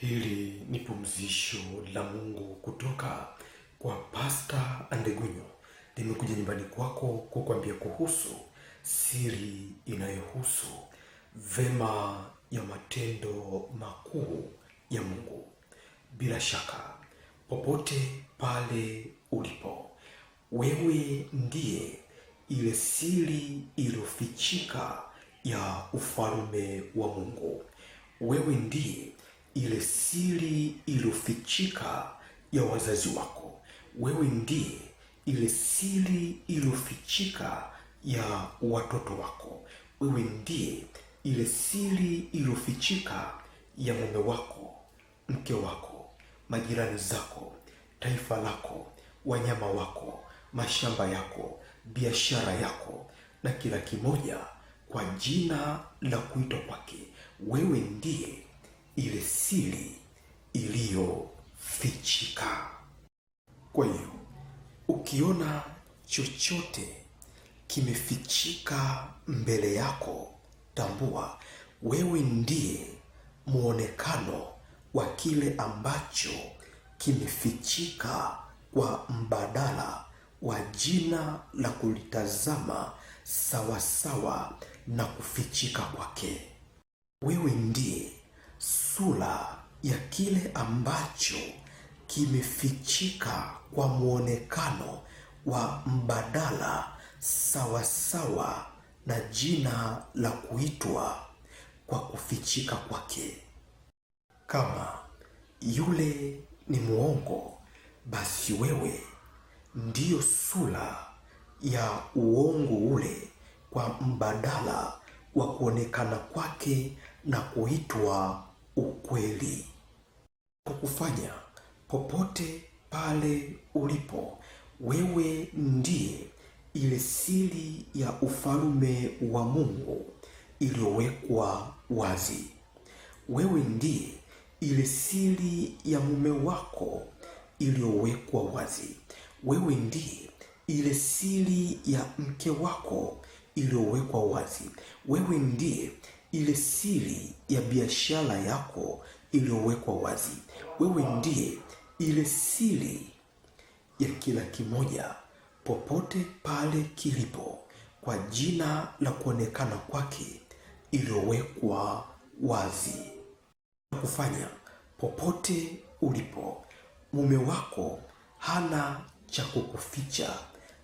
Hili ni pumzisho la Mungu kutoka kwa Pasta Andegunyo. Nimekuja nyumbani kwako kukuambia kuhusu siri inayohusu vema ya matendo makuu ya Mungu. Bila shaka, popote pale ulipo wewe, ndiye ile siri iliyofichika ya ufalme wa Mungu. Wewe ndiye ile siri iliyofichika ya wazazi wako. Wewe ndiye ile siri iliyofichika ya watoto wako. Wewe ndiye ile siri iliyofichika ya mume wako, mke wako, majirani zako, taifa lako, wanyama wako, mashamba yako, biashara yako na kila kimoja, kwa jina la kuitwa kwake. Wewe ndiye ile siri iliyofichika. Kwa hiyo ukiona chochote kimefichika mbele yako, tambua wewe ndiye muonekano wa kile ambacho kimefichika kwa mbadala wa jina la kulitazama sawasawa na kufichika kwake. Wewe ndiye sura ya kile ambacho kimefichika kwa mwonekano wa mbadala sawasawa na jina la kuitwa kwa kufichika kwake. Kama yule ni mwongo, basi wewe ndiyo sura ya uongo ule kwa mbadala wa kuonekana kwake na kuitwa ukweli. Kwa kufanya popote pale ulipo, wewe ndiye ile siri ya ufalume wa Mungu iliyowekwa wazi. Wewe ndiye ile siri ya mume wako iliyowekwa wazi. Wewe ndiye ile siri ya mke wako iliyowekwa wazi. Wewe ndiye ile siri ya biashara yako iliyowekwa wazi. Wewe ndiye ile siri ya kila kimoja popote pale kilipo, kwa jina la kuonekana kwake iliyowekwa wazi, na kufanya popote ulipo. Mume wako hana cha kukuficha,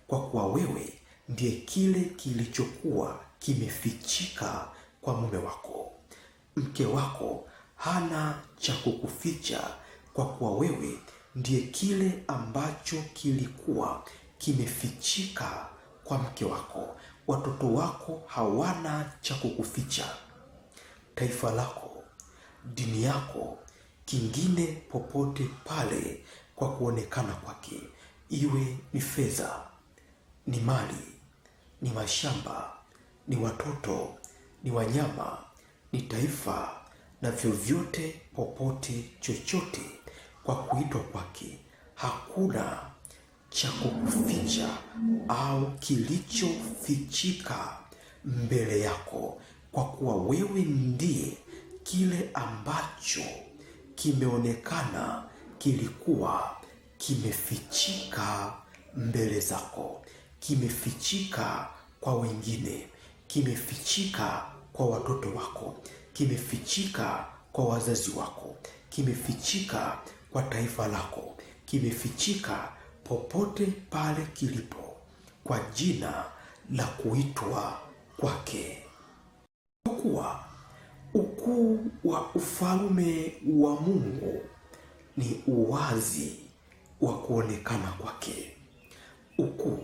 kwa kuwa wewe ndiye kile kilichokuwa kimefichika kwa mume wako. Mke wako hana cha kukuficha kwa kuwa wewe ndiye kile ambacho kilikuwa kimefichika kwa mke wako. Watoto wako hawana cha kukuficha. Taifa lako, dini yako, kingine popote pale, kwa kuonekana kwake, iwe ni fedha, ni mali, ni mashamba, ni watoto ni wanyama, ni taifa na vyovyote, popote, chochote, kwa kuitwa kwake hakuna cha kukuficha au kilichofichika mbele yako, kwa kuwa wewe ndiye kile ambacho kimeonekana kilikuwa kimefichika mbele zako, kimefichika kwa wengine, kimefichika kwa watoto wako, kimefichika kwa wazazi wako, kimefichika kwa taifa lako, kimefichika popote pale kilipo, kwa jina la kuitwa kwake. Kwa kuwa ukuu wa ufalme wa Mungu ni uwazi wa kuonekana kwake. Ukuu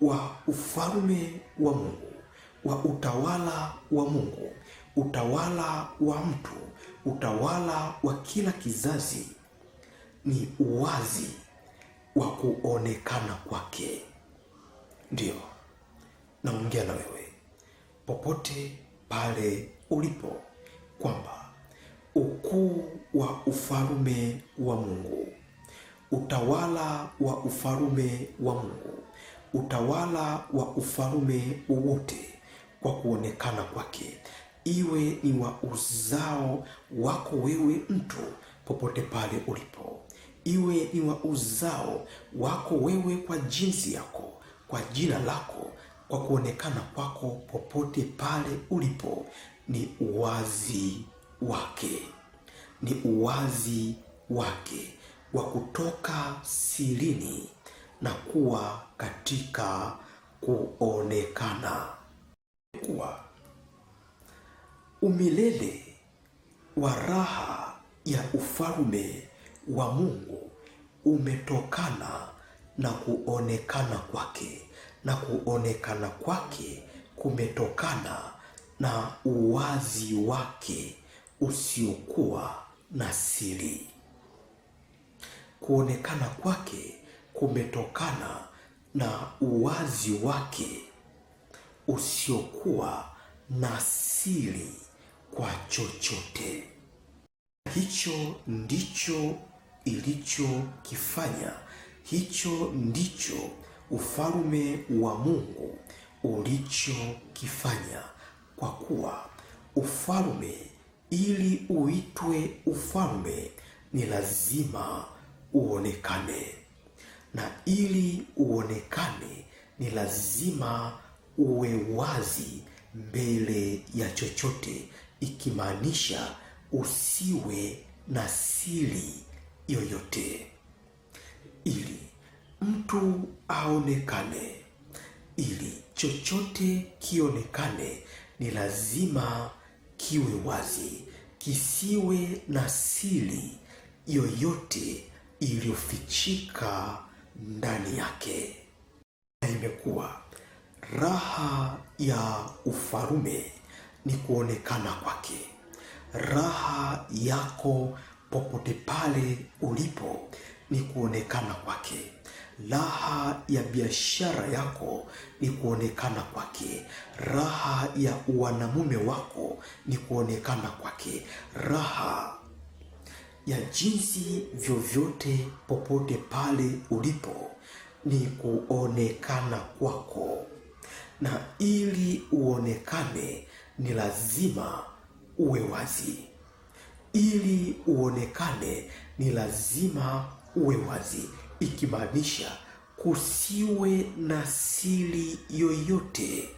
wa ufalme wa Mungu wa utawala wa Mungu, utawala wa mtu, utawala wa kila kizazi ni uwazi wa kuonekana kwake. ndio naongea na wewe popote pale ulipo kwamba ukuu wa ufalme wa Mungu, utawala wa ufalme wa Mungu, utawala wa ufalme wowote kwa kuonekana kwake, iwe ni wa uzao wako wewe mtu popote pale ulipo, iwe ni wa uzao wako wewe kwa jinsi yako, kwa jina lako, kwa kuonekana kwako popote pale ulipo, ni uwazi wake, ni uwazi wake wa kutoka sirini na kuwa katika kuonekana kuwa umilele wa raha ya ufalme wa Mungu umetokana na kuonekana kwake, na kuonekana kwake kumetokana na uwazi wake usiokuwa na siri. Kuonekana kwake kumetokana na uwazi wake usiokuwa na siri kwa chochote. Hicho ndicho ilichokifanya, hicho ndicho ufalme wa Mungu ulichokifanya, kwa kuwa ufalme, ili uitwe ufalme, ni lazima uonekane, na ili uonekane ni lazima uwe wazi mbele ya chochote, ikimaanisha usiwe na siri yoyote, ili mtu aonekane, ili chochote kionekane, ni lazima kiwe wazi, kisiwe na siri yoyote iliyofichika ndani yake. Na imekuwa Raha ya ufarume ni kuonekana kwake. Raha yako popote pale ulipo ni kuonekana kwake. Raha ya biashara yako ni kuonekana kwake. Raha ya uwanamume wako ni kuonekana kwake. Raha ya jinsi vyovyote popote pale ulipo ni kuonekana kwako na ili uonekane ni lazima uwe wazi. Ili uonekane ni lazima uwe wazi, ikimaanisha kusiwe na siri yoyote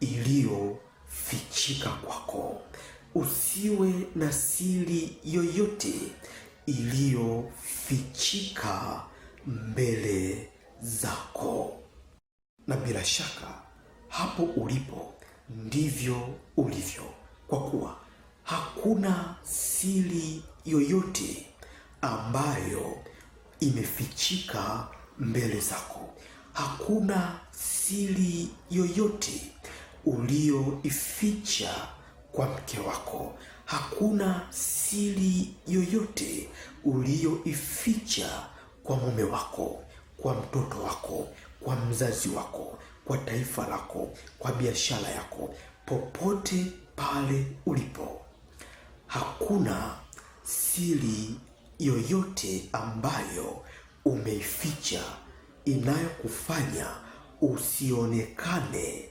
iliyofichika kwako. Usiwe na siri yoyote iliyofichika mbele zako, na bila shaka hapo ulipo ndivyo ulivyo, kwa kuwa hakuna siri yoyote ambayo imefichika mbele zako. Hakuna siri yoyote uliyoificha kwa mke wako. Hakuna siri yoyote uliyoificha kwa mume wako, kwa mtoto wako, kwa mzazi wako kwa taifa lako, kwa biashara yako, popote pale ulipo. Hakuna siri yoyote ambayo umeificha inayokufanya usionekane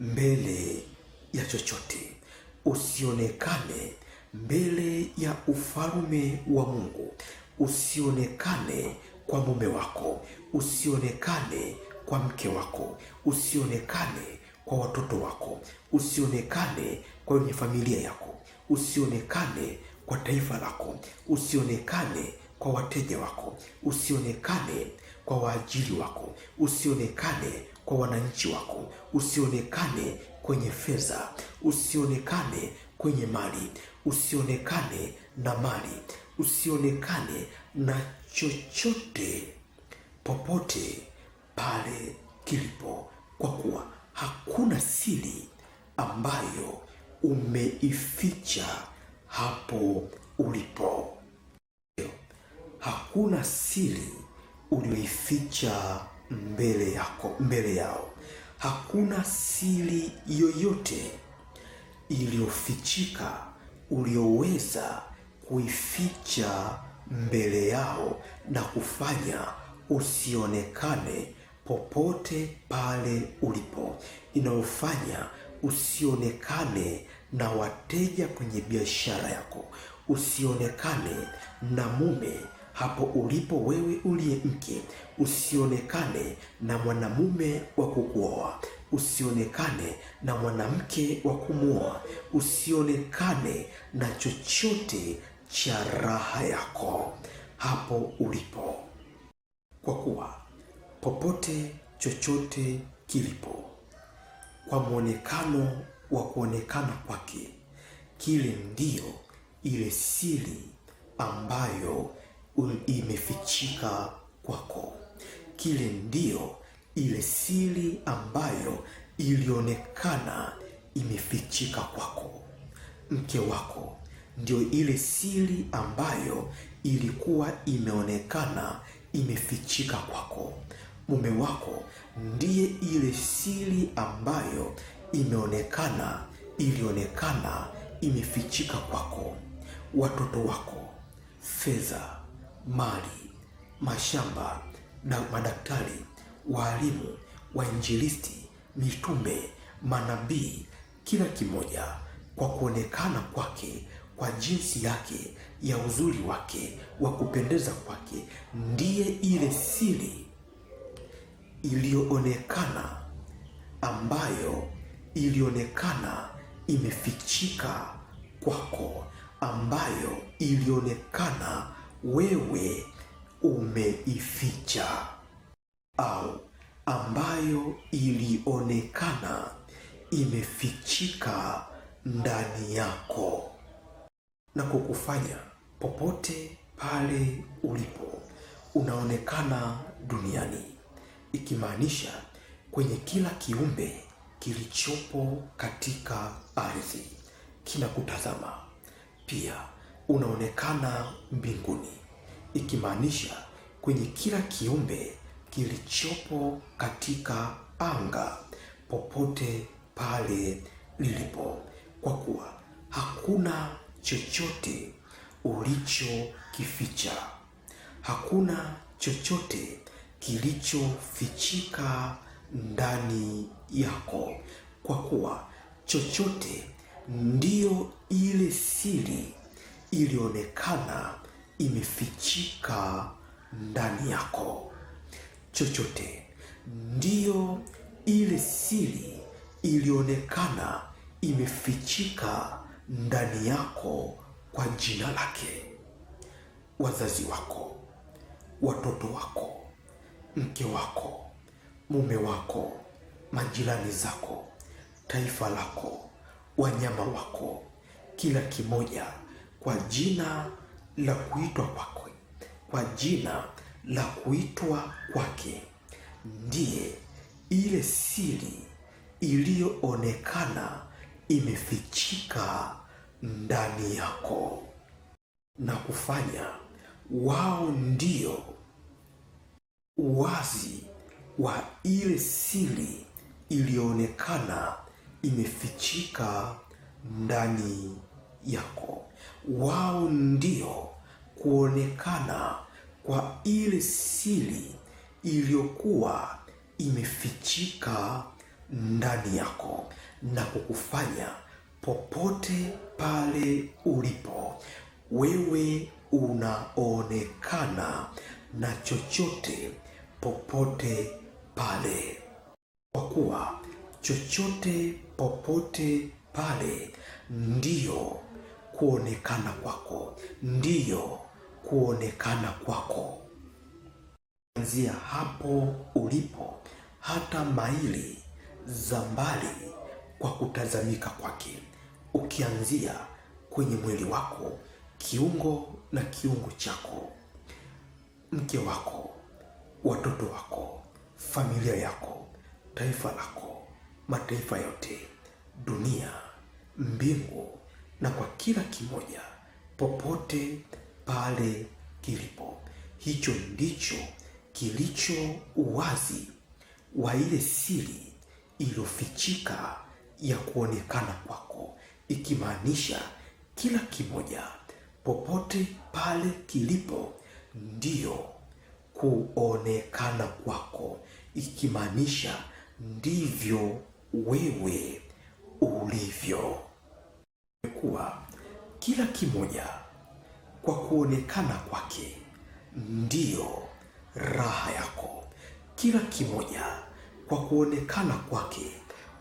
mbele ya chochote, usionekane mbele ya ufalme wa Mungu, usionekane kwa mume wako, usionekane kwa mke wako, usionekane kwa watoto wako, usionekane kwa wenye familia yako, usionekane kwa taifa lako, usionekane kwa wateja wako, usionekane kwa waajiri wako, usionekane kwa wananchi wako, usionekane kwenye fedha, usionekane kwenye mali, usionekane na mali, usionekane na chochote popote pale kilipo, kwa kuwa hakuna siri ambayo umeificha hapo ulipo. Hakuna siri ulioificha mbele yako, mbele yao. Hakuna siri yoyote iliyofichika ulioweza kuificha mbele yao na kufanya usionekane popote pale ulipo, inayofanya usionekane na wateja kwenye biashara yako, usionekane na mume hapo ulipo wewe uliye mke, usionekane na mwanamume wa kukuoa, usionekane na mwanamke wa kumuoa usionekane na chochote cha raha yako hapo ulipo, kwa kuwa popote chochote kilipo, kwa mwonekano wa kuonekana kwake, kile ndiyo ile siri ambayo imefichika kwako, kile ndiyo ile siri ambayo ilionekana imefichika kwako. Mke wako ndio ile siri ambayo ilikuwa imeonekana imefichika kwako mume wako ndiye ile siri ambayo imeonekana, ilionekana, imefichika kwako, watoto wako, fedha, mali, mashamba na madaktari, waalimu, wainjilisti, mitume, manabii, kila kimoja kwa kuonekana kwake kwa jinsi yake ya uzuri wake wa kupendeza kwake, ndiye ile siri iliyoonekana ambayo ilionekana imefichika kwako, ambayo ilionekana wewe umeificha, au ambayo ilionekana imefichika ndani yako na kukufanya popote pale ulipo unaonekana duniani ikimaanisha kwenye kila kiumbe kilichopo katika ardhi kinakutazama. Pia unaonekana mbinguni, ikimaanisha kwenye kila kiumbe kilichopo katika anga, popote pale lilipo, kwa kuwa hakuna chochote ulichokificha, hakuna chochote kilichofichika ndani yako, kwa kuwa chochote ndiyo ile siri ilionekana imefichika ndani yako. Chochote ndiyo ile siri ilionekana imefichika ndani yako kwa jina lake. Wazazi wako, watoto wako mke wako, mume wako, majirani zako, taifa lako, wanyama wako, kila kimoja kwa jina la kuitwa kwake, kwa jina la kuitwa kwake, ndiye ile siri iliyoonekana imefichika ndani yako na kufanya wao ndio uwazi wa ile siri iliyoonekana imefichika ndani yako. Wao ndio kuonekana kwa ile siri iliyokuwa imefichika ndani yako na kukufanya popote pale ulipo wewe unaonekana na chochote popote pale, kwa kuwa chochote popote pale ndiyo kuonekana kwako, ndiyo kuonekana kwako. Kuanzia hapo ulipo hata maili za mbali, kwa kutazamika kwake, ukianzia kwenye mwili wako, kiungo na kiungo chako, mke wako watoto wako, familia yako, taifa lako, mataifa yote, dunia, mbingu na kwa kila kimoja popote pale kilipo. Hicho ndicho kilicho uwazi wa ile siri iliyofichika ya kuonekana kwako, ikimaanisha kila kimoja popote pale kilipo ndiyo kuonekana kwako, ikimaanisha ndivyo wewe ulivyo. Kuwa kila kimoja kwa kuonekana kwake ndiyo raha yako, kila kimoja kwa kuonekana kwake,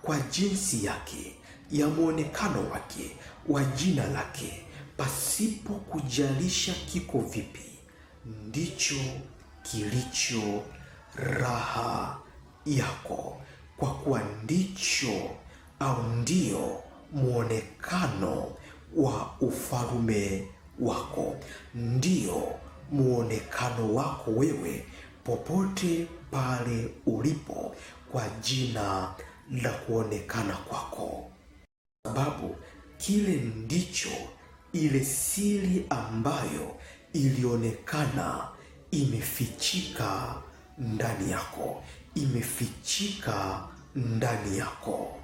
kwa jinsi yake ya mwonekano wake wa jina lake, pasipo kujalisha kiko vipi, ndicho kilicho raha yako, kwa kuwa ndicho au ndio mwonekano wa ufalume wako, ndio mwonekano wako wewe popote pale ulipo, kwa jina la kuonekana kwako, sababu kile ndicho ile siri ambayo ilionekana imefichika ndani yako, imefichika ndani yako.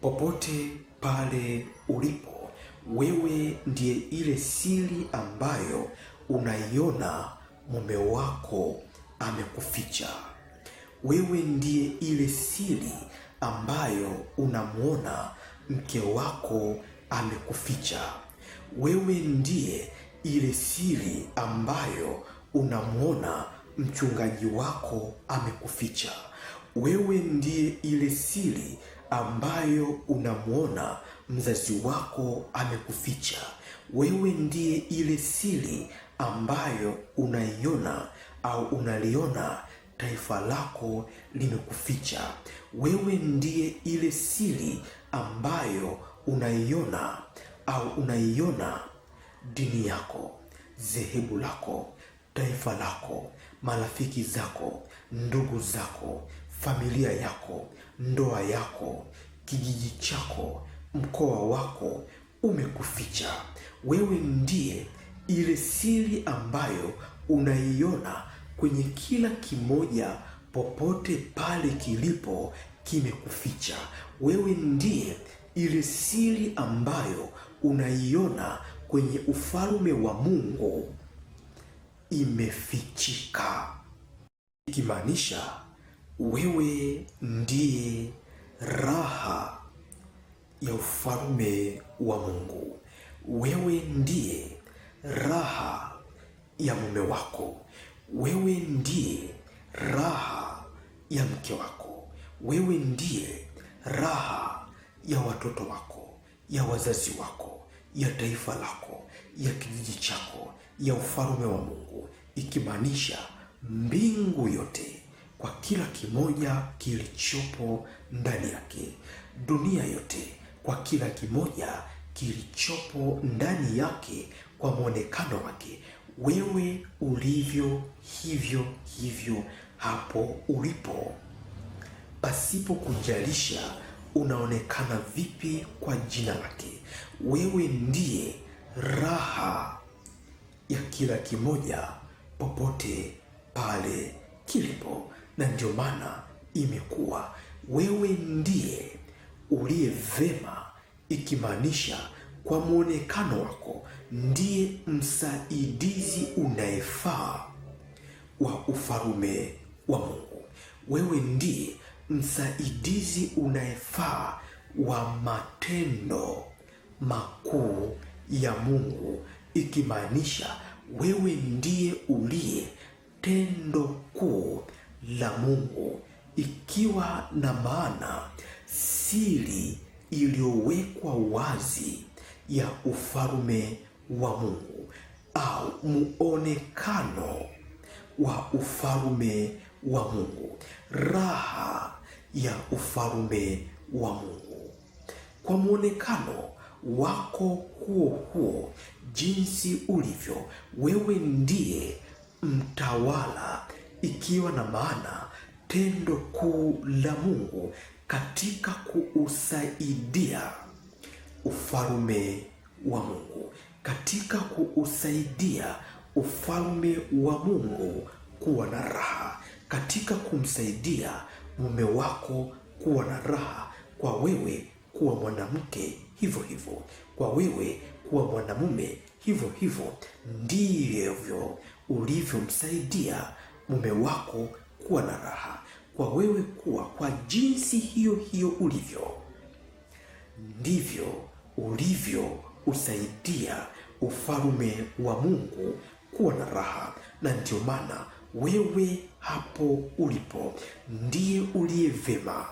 Popote pale ulipo wewe, ndiye ile siri ambayo unaiona mume wako amekuficha wewe, ndiye ile siri ambayo unamwona mke wako amekuficha wewe, ndiye ile siri ambayo unamwona mchungaji wako amekuficha. Wewe ndiye ile siri ambayo unamwona mzazi wako amekuficha. Wewe ndiye ile siri ambayo unaiona au unaliona taifa lako limekuficha. Wewe ndiye ile siri ambayo unaiona au unaiona dini yako, dhehebu lako, taifa lako, marafiki zako, ndugu zako, familia yako, ndoa yako, kijiji chako, mkoa wako umekuficha. Wewe ndiye ile siri ambayo unaiona kwenye kila kimoja, popote pale kilipo kimekuficha. Wewe ndiye ile siri ambayo unaiona kwenye ufalme wa Mungu imefichika, ikimaanisha wewe ndiye raha ya ufalme wa Mungu. Wewe ndiye raha ya mume wako, wewe ndiye raha ya mke wako, wewe ndiye raha ya watoto wako, ya wazazi wako ya taifa lako, ya kijiji chako, ya ufalme wa Mungu, ikimaanisha mbingu yote kwa kila kimoja kilichopo ndani yake, dunia yote kwa kila kimoja kilichopo ndani yake, kwa mwonekano wake. Wewe ulivyo hivyo hivyo hapo ulipo, pasipo kujalisha unaonekana vipi kwa jina lake, wewe ndiye raha ya kila kimoja popote pale kilipo, na ndio maana imekuwa wewe ndiye uliye vema, ikimaanisha kwa mwonekano wako ndiye msaidizi unayefaa wa ufarume wa Mungu. Wewe ndiye msaidizi unayefaa wa matendo makuu ya Mungu, ikimaanisha wewe ndiye uliye tendo kuu la Mungu, ikiwa na maana siri iliyowekwa wazi ya ufalme wa Mungu au muonekano wa ufalme wa Mungu, raha ya ufalme wa Mungu. Kwa muonekano wako huo huo jinsi ulivyo wewe, ndiye mtawala, ikiwa na maana tendo kuu la Mungu katika kuusaidia ufalme wa Mungu, katika kuusaidia ufalme wa Mungu kuwa na raha, katika kumsaidia mume wako kuwa na raha, kwa wewe kuwa mwanamke hivyo hivyo, kwa wewe kuwa mwanamume hivyo hivyo ndivyo ulivyomsaidia mume wako kuwa na raha, kwa wewe kuwa kwa jinsi hiyo hiyo ulivyo, ndivyo ulivyousaidia ufalume wa Mungu kuwa na raha. Na ndio maana wewe hapo ulipo ndiye uliye vema,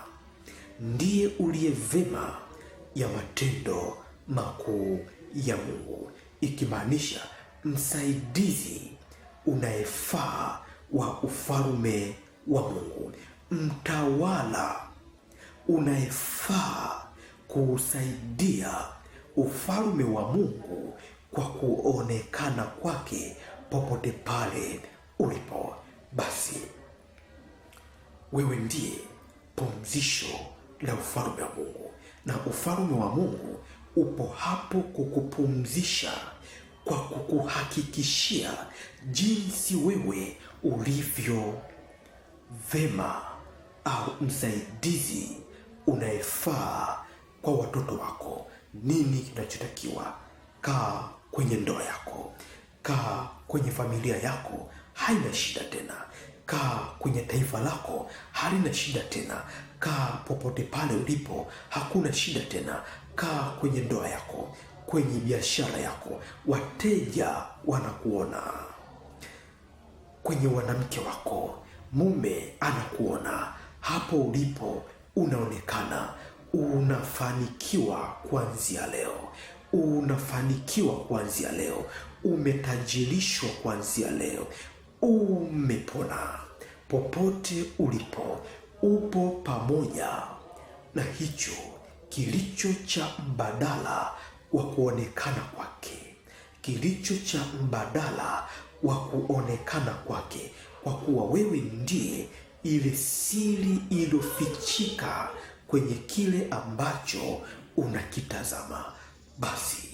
ndiye uliye vema ya matendo makuu ya Mungu, ikimaanisha msaidizi unayefaa wa ufalme wa Mungu, mtawala unayefaa kuusaidia ufalme wa Mungu kwa kuonekana kwake popote pale ulipo. Basi wewe ndiye pumzisho la ufalme wa Mungu na ufalme wa Mungu upo hapo kukupumzisha kwa kukuhakikishia jinsi wewe ulivyo vema au msaidizi unayefaa kwa watoto wako. Nini kinachotakiwa? Kaa kwenye ndoa yako, kaa kwenye familia yako, haina shida tena. Kaa kwenye taifa lako, halina shida tena. Kaa popote pale ulipo, hakuna shida tena. Kaa kwenye ndoa yako, kwenye biashara yako, wateja wanakuona. Kwenye wanamke wako, mume anakuona. Hapo ulipo unaonekana, unafanikiwa kuanzia leo, unafanikiwa kuanzia leo, umetajirishwa kuanzia leo, umepona. Popote ulipo, upo pamoja na hicho kilicho cha mbadala wa kuonekana kwake, kilicho cha mbadala wa kuonekana kwake, kwa kuwa wewe ndiye ile siri iliyofichika kwenye kile ambacho unakitazama. Basi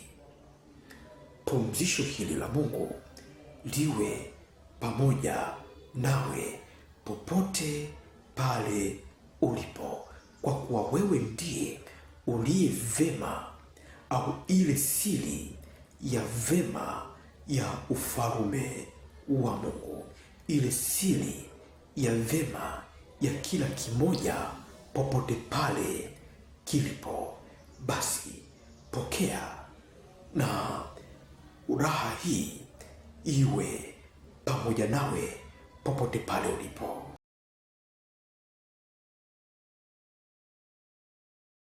pumzisho hili la Mungu liwe pamoja nawe popote pale ulipo, kwa kuwa wewe ndiye uliye vema au ile siri ya vema ya ufarume wa Mungu, ile siri ya vema ya kila kimoja popote pale kilipo, basi pokea na raha hii iwe pamoja nawe popote pale ulipo.